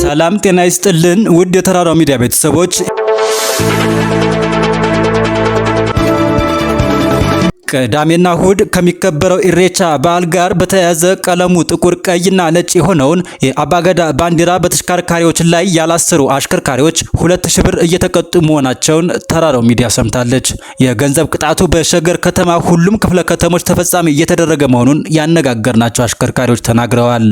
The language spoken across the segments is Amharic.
ሰላም ጤና ይስጥልን ውድ የተራራው ሚዲያ ቤተሰቦች ቅዳሜና እሁድ ከሚከበረው ኢሬቻ በዓል ጋር በተያያዘ ቀለሙ ጥቁር ቀይና ነጭ የሆነውን የአባገዳ ባንዲራ በተሽከርካሪዎች ላይ ያላሰሩ አሽከርካሪዎች ሁለት ሺህ ብር እየተቀጡ መሆናቸውን ተራራው ሚዲያ ሰምታለች። የገንዘብ ቅጣቱ በሸገር ከተማ ሁሉም ክፍለ ከተሞች ተፈጻሚ እየተደረገ መሆኑን ያነጋገርናቸው አሽከርካሪዎች ተናግረዋል።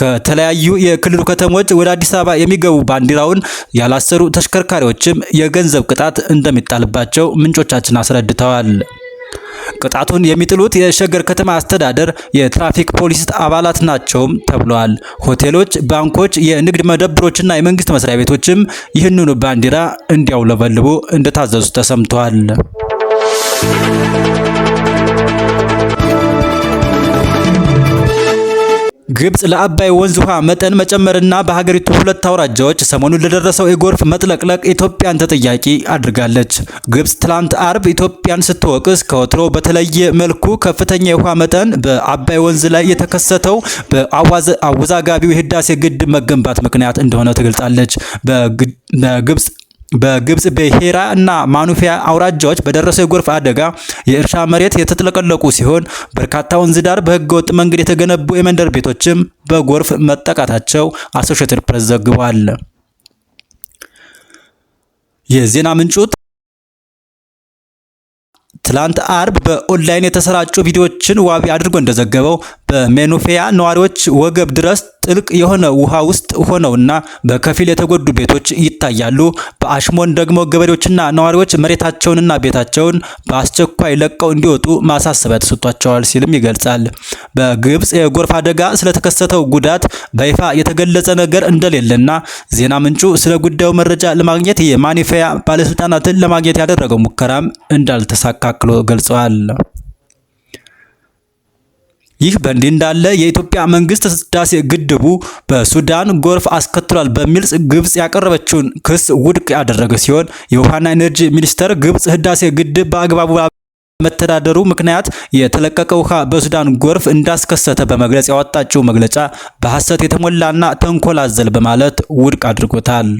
ከተለያዩ የክልሉ ከተሞች ወደ አዲስ አበባ የሚገቡ ባንዲራውን ያላሰሩ ተሽከርካሪዎችም የገንዘብ ቅጣት እንደሚጣልባቸው ምንጮቻችን አስረድተዋል። ቅጣቱን የሚጥሉት የሸገር ከተማ አስተዳደር የትራፊክ ፖሊስ አባላት ናቸውም ተብሏል። ሆቴሎች፣ ባንኮች፣ የንግድ መደብሮችና የመንግስት መስሪያ ቤቶችም ይህንኑ ባንዲራ እንዲያውለበልቡ እንደታዘዙ ተሰምቷል። ግብጽ ለአባይ ወንዝ ውሃ መጠን መጨመርና በሀገሪቱ ሁለት አውራጃዎች ሰሞኑን ለደረሰው የጎርፍ መጥለቅለቅ ኢትዮጵያን ተጠያቂ አድርጋለች። ግብጽ ትላንት አርብ ኢትዮጵያን ስትወቅስ ከወትሮ በተለየ መልኩ ከፍተኛ የውሃ መጠን በአባይ ወንዝ ላይ የተከሰተው በአወዛጋቢው የህዳሴ ግድብ መገንባት ምክንያት እንደሆነ ትገልጻለች። በግብጽ በግብጽ በሄራ እና ማኑፊያ አውራጃዎች በደረሰው የጎርፍ አደጋ የእርሻ መሬት የተጥለቀለቁ ሲሆን በርካታ ወንዝ ዳር በህገወጥ መንገድ የተገነቡ የመንደር ቤቶችም በጎርፍ መጠቃታቸው አሶሽትድ ፕሬስ ዘግቧል። የዜና ምንጩ ትላንት አርብ በኦንላይን የተሰራጩ ቪዲዮዎችን ዋቢ አድርጎ እንደዘገበው በሜኖፌያ ነዋሪዎች ወገብ ድረስ ጥልቅ የሆነ ውሃ ውስጥ ሆነውና በከፊል የተጎዱ ቤቶች ይታያሉ። በአሽሞን ደግሞ ገበሬዎችና ነዋሪዎች መሬታቸውንና ቤታቸውን በአስቸኳይ ለቀው እንዲወጡ ማሳሰቢያ ተሰጥቷቸዋል ሲልም ይገልጻል። በግብፅ የጎርፍ አደጋ ስለተከሰተው ጉዳት በይፋ የተገለጸ ነገር እንደሌለና ዜና ምንጩ ስለ ጉዳዩ መረጃ ለማግኘት የማኒፌያ ባለስልጣናትን ለማግኘት ያደረገው ሙከራም እንዳልተሳካክሎ ገልጸዋል። ይህ በእንዲህ እንዳለ የኢትዮጵያ መንግስት ህዳሴ ግድቡ በሱዳን ጎርፍ አስከትሏል በሚል ግብጽ ያቀረበችውን ክስ ውድቅ ያደረገ ሲሆን የውሃና ኤነርጂ ሚኒስቴር ግብጽ ህዳሴ ግድብ በአግባቡ መተዳደሩ ምክንያት የተለቀቀ ውሃ በሱዳን ጎርፍ እንዳስከሰተ በመግለጽ ያወጣችው መግለጫ በሐሰት የተሞላና ተንኮል አዘል በማለት ውድቅ አድርጎታል።